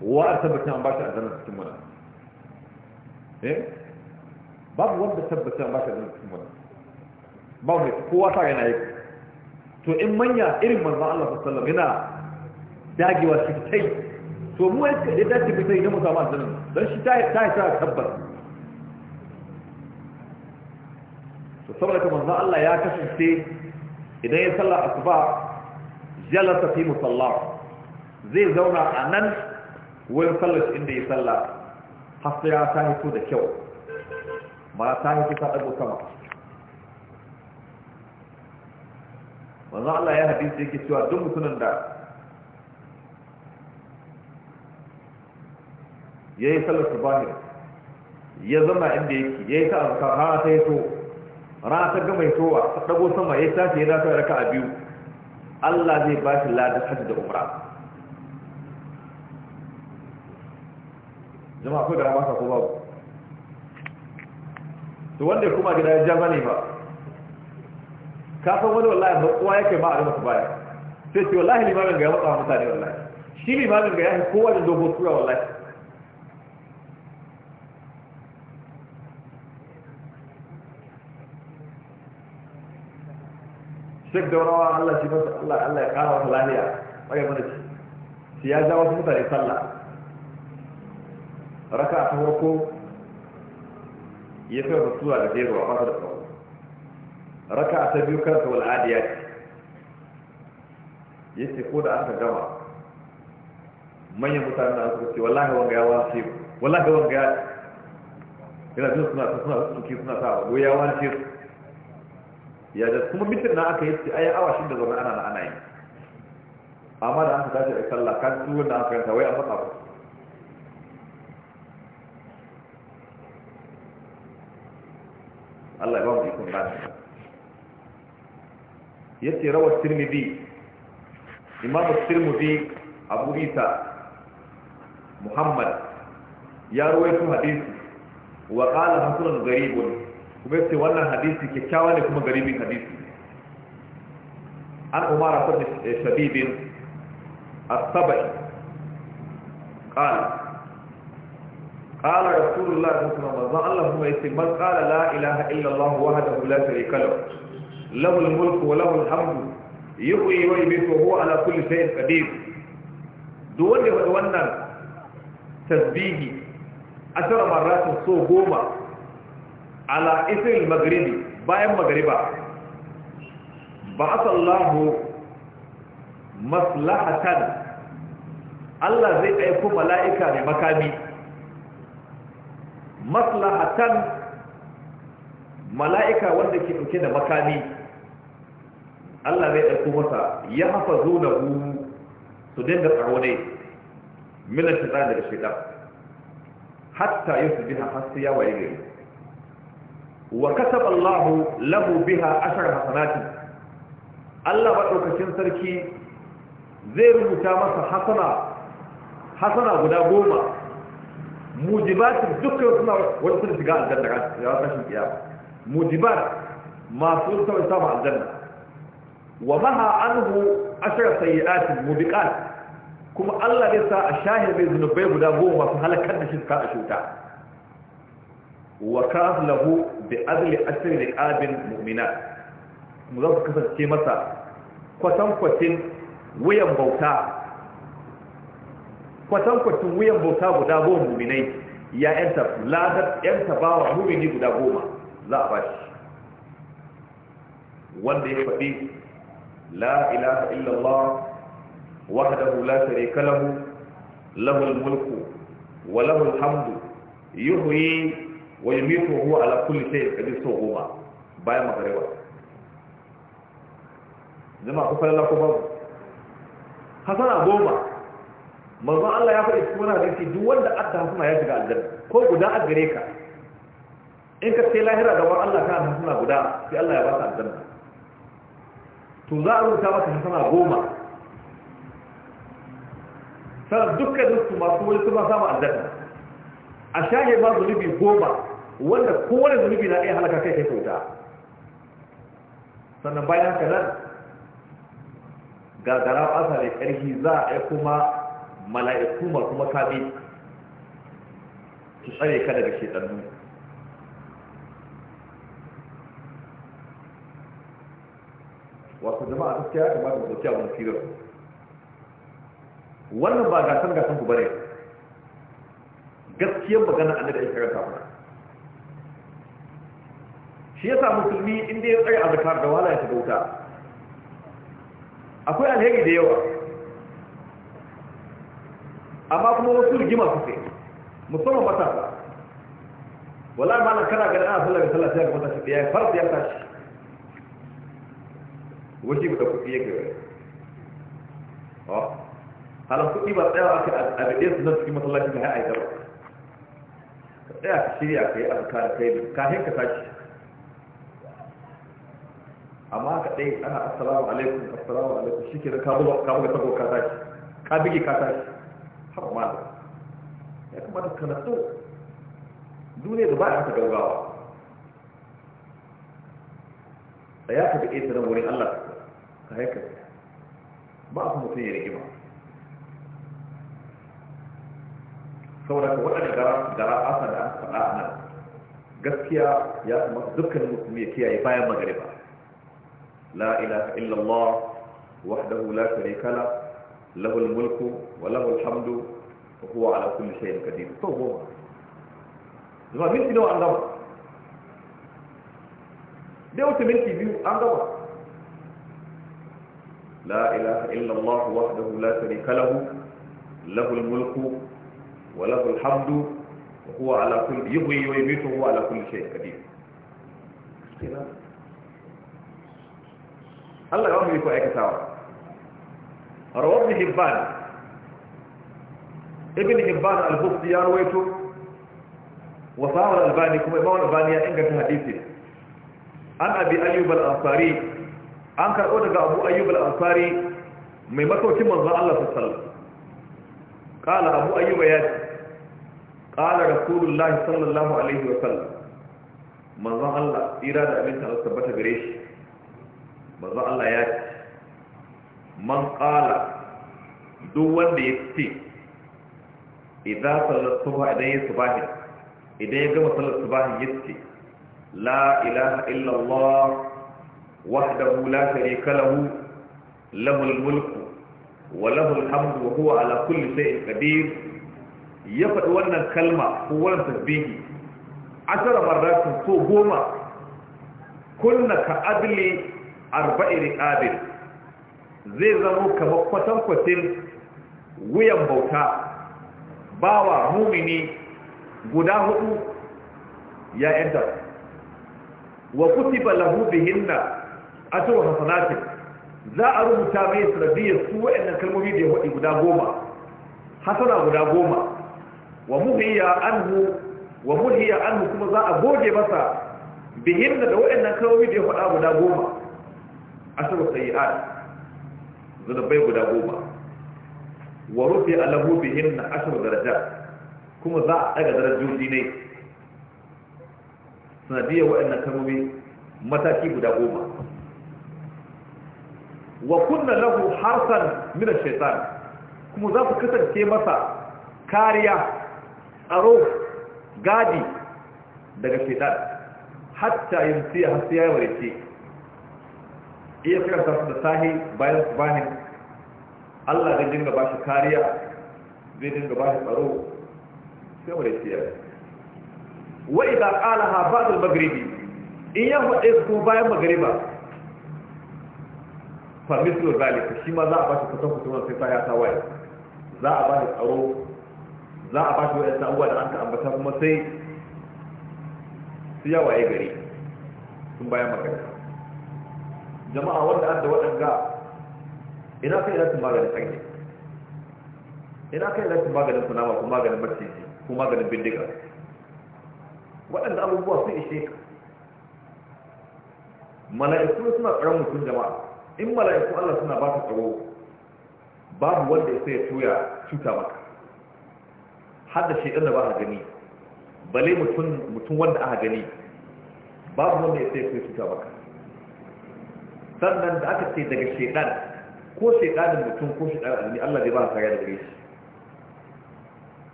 wa a an bashi aljanna cikin mu nan eh babu wanda tabbata an bashi aljanna cikin mu nan babu kowa ta yana yi to in manya irin manzo Allah sallallahu yana dagewa shi tai to mu ya dace mu sai da mu samu aljanna dan shi ta ta ta tabbata to saboda kuma Allah ya kasance idan ya salla asuba jalasa fi musalla zai zauna a nan wurin sallar inda ya salla har sai ya da kyau ba ta yi ta dago sama manzon Allah ya hadisi yake cewa duk mutumin da ya yi sallar subahi ya zama inda yake ya yi ta azkar rana ta yi to rana ta gama yi towa ta dago sama ya tashi ya zafi raka a biyu Allah zai ba shi ladin hajji da umra jama'a ko da ramasa ko babu to wanda kuma gida ya ja ne ba ka san wani wallahi ba kowa yake ba a rubuta baya sai ce wallahi limamin ga ya matsa mutane wallahi shi limamin ga ya fi kowa da dogon tura wallahi shek daurawa Allah shi masa Allah Allah ya kara masa lahiya bai mana shi shi ya ja wasu mutane sallah raka ta farko ya fara mutuwa da jeruwa ba da tsawo raka ta biyu kansa wal'adiya ce ya ce ko da aka gama manyan mutane da suka ce wallahi wanga ya wace wallahi wanga ya yana jin suna suna suke suna sa wa ya wace ya da kuma mitin na aka yi ce ayi awa shi da zama ana na ana yi amma da aka tashi a sallah kan tuwon da aka yanta wai an matsa ba Allah ya ba mu ikon lafiya yace rawa tirmidhi imam tirmidhi abu isa muhammad ya rawaito hadisi wa qala hasanun gharibun kuma yace wannan hadisi kyakkyawa ne kuma garibin hadisi an umara sabbi shabibin as-sabai qala قال رسول الله صلى الله عليه وسلم من قال لا إله إلا الله وحده لا شريك له له الملك وله الحمد yuhyi wa yumiitu huwa ala kulli shay'in qadir duk wanda ya wannan tasbihi asara maratin so goma A isril maghribi bayan magriba ba'athallahu maslahatan Allah zai aiko mala'ika mai makami maslahatan mala'ika wanda ke dauke da makami Allah zai ɗauko masa ya hafa zo da hu su dinga tsaro ne milan shaitan daga shaitan hatta yin su biha har sai ya waye gari wa kasab Allah lahu biha ashar hasanati Allah maɗaukacin sarki zai rubuta masa hasana hasana guda goma mujibatin dukkan suna wani suna shiga aljanna ga tashin kiyama mujibat masu sauran samun aljanna wa maha anhu ashara sayyi'atin mubiqat kuma Allah zai sa a shahir bai zunubai guda goma masu halakar da shirka a shuta wa ka lahu bi adli asri liqabin mu'minat mu zaka kasance masa kwatan kwatin wuyan bauta kwatan kwatin wuyan bauta guda goma mu'minai ya yanta ladar ba bawa mu'mini guda goma za a bashi wanda ya faɗi لا إله إلا الله وحده لا شريك له له الملك وله الحمد يحيي ويميت وهو على كل شيء قدير سوغوما باي مغربا جماعة كفر الله كفر حسنا غوما manzo Allah ya faɗi cikin wannan hadisi duk wanda adda hasuna ya shiga aljanna ko guda a gare ka in ka sai lahira gaban Allah kana hasuna guda sai Allah ya ba aljanna to za a rubuta maka hasana goma sannan dukkanin su masu wani su ba samu aljanna a shahe ma zunubi goma wanda kowane zunubi na iya halaka kai kai kauta sannan bayan haka nan gagara ƙasa da ƙarfi za a yi kuma mala'iku masu makami su tsare ka daga shedannu wato jama'a gaskiya ya kamata mu dauki wani sirar wannan ba gasar gasar ku bane gaskiyar magana annabi ya karanta mana shi yasa musulmi inda ya tsaya zakar da wala ya shiga wuta akwai alheri da yawa amma kuma wasu rigima suke musamman matasa wala ma nan kana ganin ana sallar sallar sai ga matashi da ya farsa ya tashi wajibu da kuɗi ya a halar kuɗi ba tsaya ake a gaɗe su zan cikin masallacin da ya aika ba ka tsaya ka shirya ka yi azuka da kai da kahin ka tashi amma ka ɗaya ana assalamu alaikum assalamu alaikum shi ke da kabuga tabo ka tashi ka bige ka tashi haɓa ma ya kamata ka nasu duniya da ba a haka gaugawa da ya ka bi ƙetaren wurin allah a haikar ba su mutum ya rigima saboda ka waɗanda gara asa da aka faɗa a nan gaskiya ya kamata dukkanin mutum ya kiyaye bayan magariba la ilaha illallah wahdahu la sharika la lahu mulku wa lahu alhamdu wa huwa ala kulli shay'in qadir to goma zuma minti nawa an gaba da wata minti biyu an gaba لا إله إلا الله وحده لا شريك له له الملك وله الحمد وهو على كل يبغي ويميت وهو على كل شيء قدير الله يوم يكون كتاب روى ابن حبان ابن حبان البخت يا رويته وصار الباني كما إمام الألباني إنك تحديثه عن أبي أيوب الأنصاري an karɓo daga abu ayyub al-ansari mai masaukin manzon Allah sallallahu kala abu ayyub ya ce kala rasulullahi sallallahu alaihi wa sallam manzon Allah tsira da abin Allah tabbata gare shi manzon Allah ya ce man kala duk wanda ya ce idan sallar subha idan ya subahi idan ya gama sallar subahi ya ce la ilaha illallah وحده لا شريك له له الملك وله الحمد وهو على كل شيء قدير يفد wannan kalma ko wannan tasbihi ashara marratin so goma kunna ka adli arba'i riqabil zai zamo kamar kwatankwacin wuyan bauta bawa mumini guda hudu ya yanta wa kutiba lahu bihinna asru hasanati za a rubuta mai sanadiyar su waɗannan kalmomi da ya faɗi guda goma hasana guda goma wa muhiya anhu wa mulhiya anhu kuma za a goge masa bihin da waɗannan kalmomi da ya faɗa guda goma asru sayyi'at zunubai guda goma wa rufe alamu bihin na ashiru daraja kuma za a daga darajoji ne sanadiyar waɗannan kalmomi mataki guda goma wa kunna lahu harsan min ash-shaytan kuma za ku kasance masa kariya tsaro gadi daga shaytan hatta yamsi har sai ya warke iya karanta su da sahi bayan su bani Allah zai dinga ba shi kariya zai dinga ba shi tsaro sai warke ya wa idza qalaha ba'd al-maghribi in ya isku bayan maghriba fa mislu zalika shi ma za a bashi kusan kusan sai ta ya sa waye za a bashi tsaro za a bashi wayannan abubuwa da an ka ambata kuma sai su ya waye gari sun bayan magana jama'a wanda an da waɗanga ina kai ina tun maganin sanyi ina kai ina tun maganin kunama ko maganin maciji ko maganin bindiga waɗanda abubuwa sun ishe ka mala'iku suna tsaron sun jama'a in mala'iku Allah suna ba ka tsaro babu wanda ya ya tuya cuta maka har da shaidan da ba a gani bale mutum wanda aka gani babu wanda ya ya cuta maka sannan da aka ce daga shaidan ko shaidanin mutum ko shaidanin alimi Allah zai ba ka kare da gare shi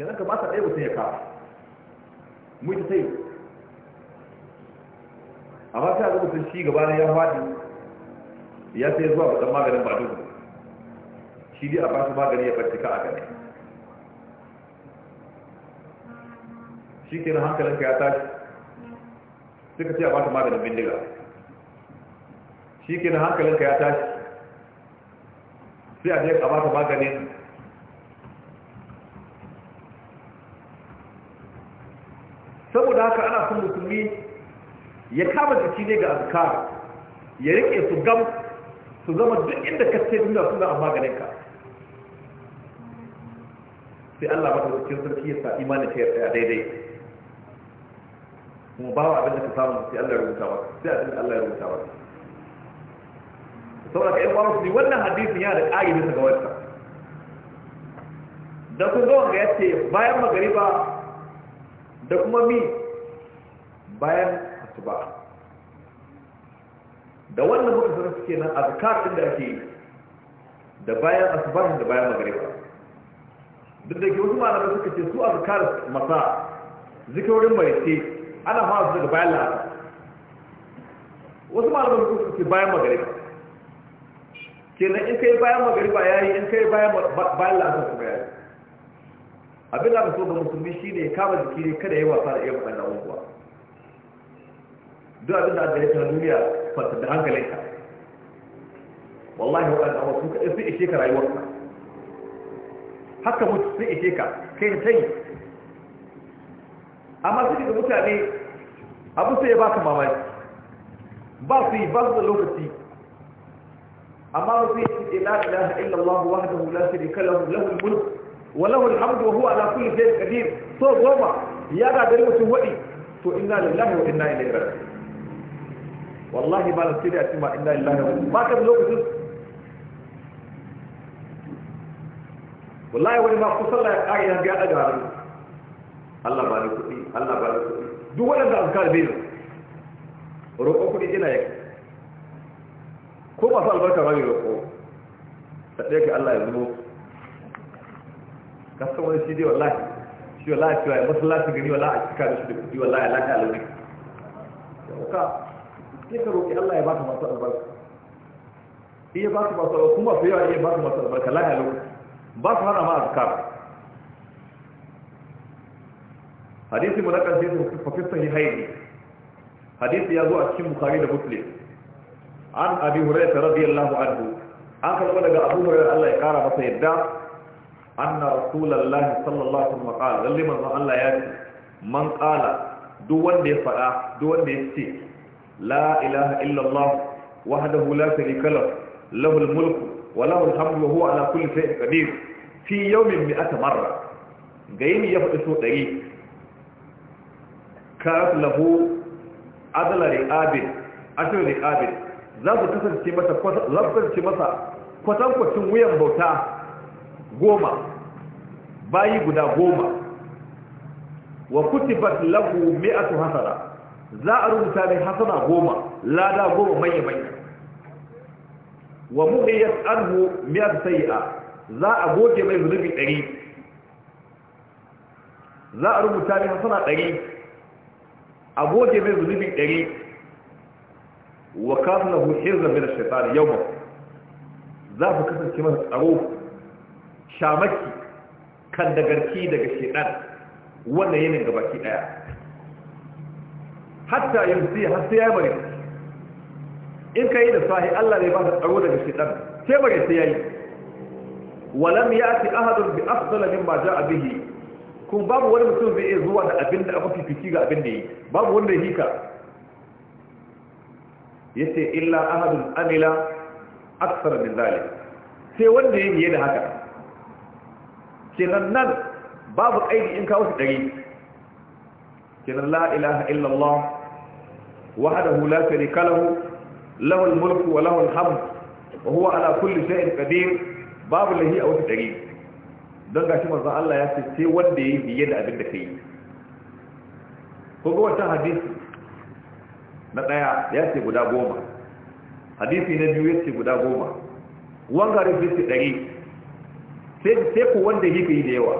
kenan ka ba ta ɗaya mutum ya kafa mu ta tayi amma ta ga mutum shi gaba ne ya faɗi ya sai zuwa ba dan maganin ba duk shi dai a ba su magani ya barci ka a gane shi ke na hankalinka ya tashi suka ce a ba su maganin bindiga shi ke na hankalinka ya tashi sai a je a ba su maganin saboda haka ana son musulmi ya kama jiki ne ga azkar ya rike su gam su zama duk inda ka ce duniya suna a maganin ka sai Allah ba ta sarki ya sa imanin ta yarda daidai kuma ba wa abin da ka samu sai Allah ya rubuta maka sai abin da Allah ya rubuta maka saboda ka yi kwaro su wannan hadisi yana da ƙari bisa ga wata da kun ga yace ya ce bayan magariba da kuma mi bayan asuba da wannan muka da suke nan azkar din da ake yi da bayan asubahin da bayan magariba duk da ke wasu malamai suka ce su azkar masa zikirorin marice ana fara su daga bayan lahar wasu malamai suka ce bayan magariba kenan in kai bayan magariba yayi in kai bayan bayan lahar su bayan abin da ba so ga musulmi shine kama jiki ne kada ya wasa da iya waɗannan unguwa. duk abin da gare ta duniya fata da ka. wallahi wa Allah wasu kaɗai sun ishe ka rayuwarka haka mutu sun ishe ka kai ta yi amma su daga mutane abu sai ya ba ka mamaki ba su yi ba su da lokaci amma su yi ce la ilaha illallah wahdahu la sharika lahu lahu al-mulk wa lahu al-hamdu wa huwa ala kulli shay'in qadir so goma ya ga gari mutum wadi to inna lillahi wa inna ilaihi raji'un wallahi ba sai da a cima inna lillahi wa ba ka lokacin wallahi wani ma ku sallah ya kare ya ga daga hannu Allah ba ni kuɗi Allah ba ni kuɗi duk wanda azkar bai da roƙo kuɗi ina yake ko masu albarka ba ne roƙo ta ɗaya ga Allah ya zubo ka san wani shi dai wallahi shi wallahi cewa ya masallaci gani wallahi a cika da shi da kuɗi wallahi ya lafiya launi ya wuka sai ka roƙi Allah ya baka masu albarka iya baka masu albarka kuma fiye iya baka masu albarka lahiya lokaci ba su hana ma azkar hadisi mu na ƙarshe su fafista yi haini hadisi ya zo a cikin bukari da muslim an abi hurairah radiyallahu anhu an kalma daga abu hurairah Allah ya kara masa yadda anna rasulullahi sallallahu alaihi wasallam qala lalle manzo Allah ya ce man qala duk wanda ya faɗa duk wanda ya ce لا إله إلا الله وحده لا شريك له له الملك وله الحمد وهو على كل شيء قدير في يوم مئة مرة جايين يفتسوا دقيق كانت له عدل رقاب عشر رقاب ذات كسر شمسة ذات كسر شمسة كتن كتن ويان بوتا قوما باي قدا قوما وكتبت له مئة حسنة za a rubuta mai hasana goma lada goma manya manya wa miya da miyar sayi'a za a goge mai zunubi ɗari za a rubuta mai hasana ɗari a goge mai zunubi ɗari wa kasana hushir zambi da shaitan yau za ku kasance masu tsaro shamaki kan dagarki daga shaitan wannan yanin gabaki ɗaya hatta yamsi har sai ya bari in ka yi da sahi Allah ne ba ka tsaro daga shaitan sai mara sai ya yayi walam yati ahadun bi afdala mimma jaa bihi kun babu wani mutum zai iya zuwa da abin da aka fifici ga abin da yi babu wanda yi ka yace illa ahadun amila aksara min zalik sai wanda ya yayi da haka kenan nan babu aiki in kawo su dari kenan la ilaha illallah وحده لا شريك له له الملك وله الحمد وهو على كل شيء قدير babu lahi a wata ɗari don gashi manzan Allah ya ce wanda ya biye da abin da ka yi kogo wata hadisi na ɗaya ya ce guda goma hadisi na biyu ya ce guda goma wanga da ce ɗari sai ku wanda yi yi da yawa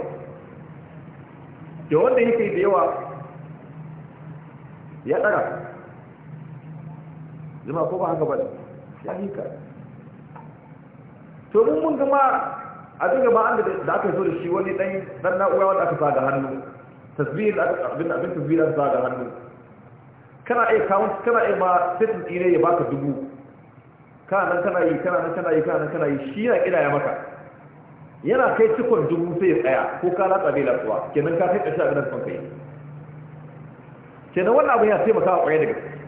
da wanda yi yi da yawa ya ɗara zama ko ba haka ba ya yi ka to mun gama a duk gaba an da aka zo da shi wani dan dan na'ura wanda aka sa ga hannu tasbih abin abin tasbih da sa ga hannu kana iya count kana iya ma setin ɗine ya baka dubu kana nan kana yi kana nan kana yi kana nan kana yi shi yana kira ya maka yana kai cikon dubu sai ya tsaya ko ka latsa bai latsuwa kenan ka kai shi a ganin son kai kenan wannan abin ya taimaka a kwaye da gaske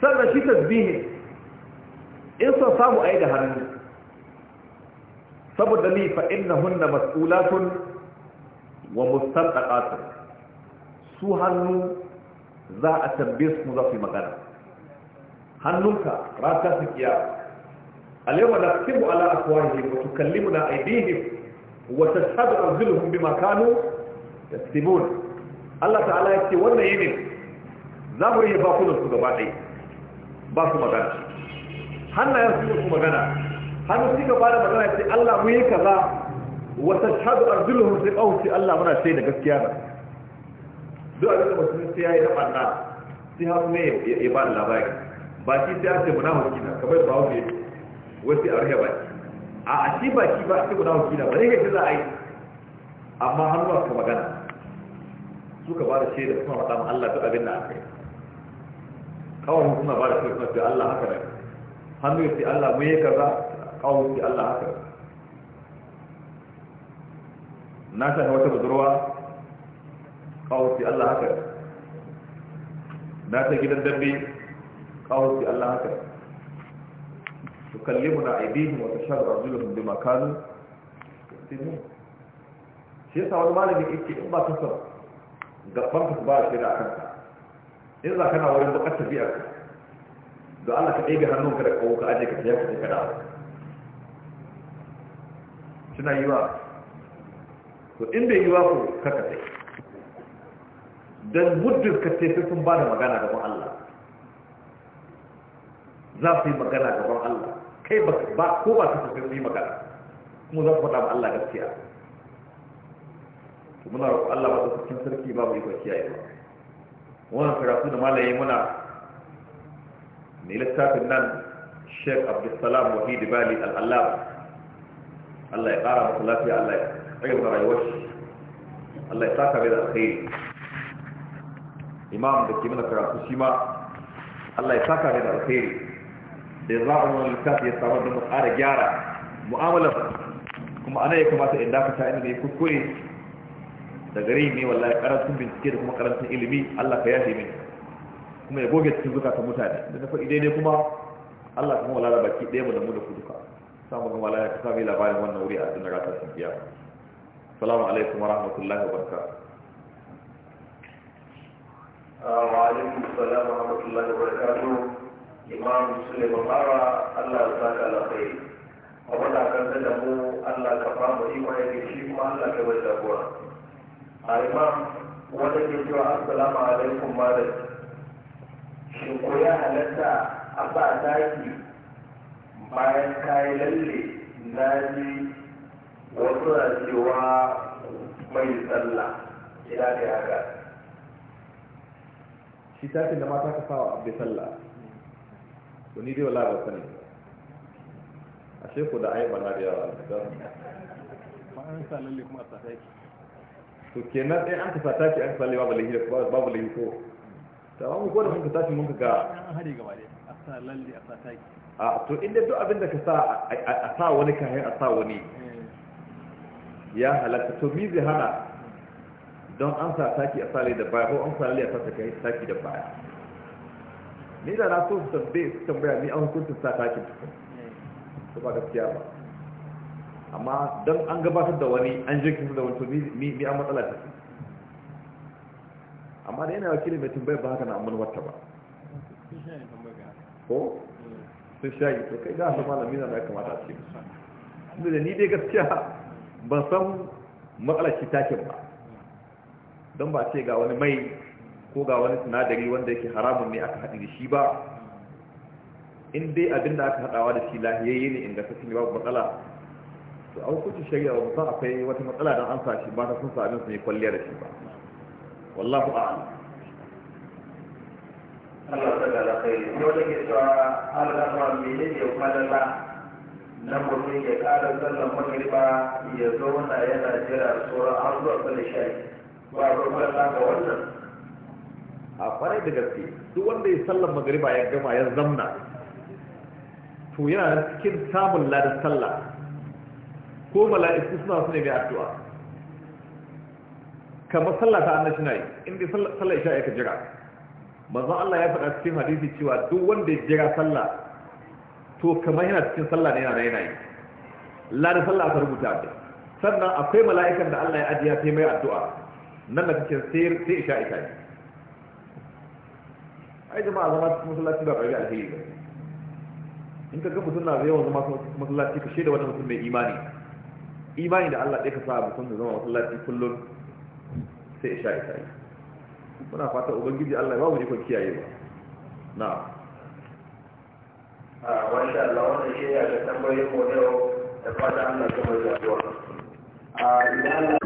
sannan shi tasbihin in son samu a yi da hannu saboda ni fa na hunna mas'ulatun wa mustaqaqatun su hannu za a tambaye su za su yi magana hannunka rata su kiya alaywa naktibu ala na wa Wata aydihim wa tashhadu arjuluhum bima da yaktibun Allah ta'ala ce wannan yini za mu rihe bakunan su gaba ɗaya ba su magana hannayen su su magana hannu su ka bada magana ce Allah mu yi kaza wa a arjuluhum sai qaw ce Allah muna sai da gaskiya ba duk abin da mutum sai yi da banna sai hannu ne ya ba da labari ba shi sai ake muna na kamar ba wasu wasi arhe ba a a shi ba shi ba shi munafiki ba ne ga za a yi amma hannu ka magana suka ba da shaida kuma faɗa Allah duk abin da aka yi kawai suna ba da kai suna ce Allah haka ne hannu ya fi Allah mu yi kaza kawai fi Allah haka ne na shafi wata budurwa kawai fi Allah haka na ta gidan dambe kawai fi Allah haka su kalli muna aibihin wata shahar rajulun da makanu shi yasa wani malamin ike in ba ta sa gaban su ba da shi da a kanta in za kana wurin bakar tafiya don Allah ka ɗebe hannunka da kawo ka aje ka tafiya ka tafiya da suna yi wa to in bai yi wa ku kaka sai don muddin ka tafi sun ba da magana gaban Allah za su yi magana gaban Allah kai ba ko ba su tafi su yi magana kuma za su faɗa ma Allah gaskiya muna roƙon Allah ba su cikin sarki ba mu babu ikon kiyaye ba wannan karatu da malaye muna mai littafin nan sheik abdulsalam wahidi bali al'allam allah ya ƙara masu lafiya allah ya rage mana shi. allah ya saka mai da alkhairi imam da ke mana karatu shi ma allah ya saka mai da alkhairi da ya zaɓa wani littafi ya samu da mu ƙara gyara mu'amalar kuma ana ya kamata in dakata inda ya kuskure da gare ne wallahi karantun bincike da kuma karantun ilimi Allah ka yafe mini kuma ya goge cikin zukatan mutane da na faɗi daidai kuma Allah kuma wala da baki ɗaya mu da mu da ku duka samu kuma wala ka sami labarin wannan wuri a cikin ratar sun biya Salamu alaikum wa rahmatullahi wa barakatuh wa alaikum assalam wa rahmatullahi wa barakatuh imam suleiman mara Allah ya saka alkhairi a wadda kan da mu Allah ka ba mu imani shi kuma Allah ka bar jagora al'imam wanda ke cewa assalamu alaikum malam shin ko ya halatta a ba daki bayan kayi lalle na ji wasu na cewa mai sallah ina da haka shi tafi da mata ka sawa abin tsalla to ni dai wala ba sani ashe ku da ayyuka na da yawa da an sa lalle kuma a sa daki to kenan sai an ka sa taki an sale babu ba babu lahi ko ta wani ko da mun ka tashi mun ka ga an hari gaba dai a sa lalle a sa taki a to inda duk abin da ka sa a sa wani kayan a sa wani eh. ya halatta to mi zai hana don an sa taki a sale da baya ko an sa lalle a sa taki da baya ni da na so su tambaye su tambaya ni an hukuncin sa taki tukun eh. ba gaskiya ba amma don an gabatar da wani an jirkin da wani to mi an matsala ta amma da yana wakili mai tumbai ba haka na amman wata ba ko sun shagi to kai gasa malami na ya kamata a ce musu da ni dai gaskiya ban san matsalar shi takin ba don ba ce ga wani mai ko ga wani sinadari wanda yake haramun ne aka haɗi da shi ba in dai abin da aka haɗawa da shi lahiyayye ne ingantattun ne babu matsala to an kuce shari'a ba san akwai wata matsala don an sa shi ba ta sun sa abin su ne kwalliya da shi ba wallahu a'lam Allah ta da kai yau da ke cewa Allah ma mene ne madalla na mutum ya ƙara sallan magriba ya zo zauna yana jira tsoron har zuwa sallar shayi ba ruwan ga wannan a kwarai da gaske duk wanda ya sallar magriba ya gama ya zamna to yana cikin samun ladar sallah ko mala'iku suna su ne mai addu'a kamar sallah ta annabi na yi inda sallah isha ya ka jira manzon Allah ya faɗa cikin hadisi cewa duk wanda ya jira sallah to kamar yana cikin sallah ne yana yana yi ladan sallah ta rubuta ta sannan akwai mala'ikan da Allah ya ajiya sai mai addu'a nan da cikin sayar sai isha isha ne ai jama'a zama cikin masallaci ba ƙarfi alheri ba in ka ga mutum na zai yawan zama masallaci ka shaida wani mutum mai imani imani da Allah ɗaya ka sa mutum da zama masallaci kullum sai isha isha yi muna fata ubangiji Allah ya ba mu ikon kiyaye ba na a wanda Allah wanda shi ya ga tambayoyin mu da fata Allah ya ba a ah, idan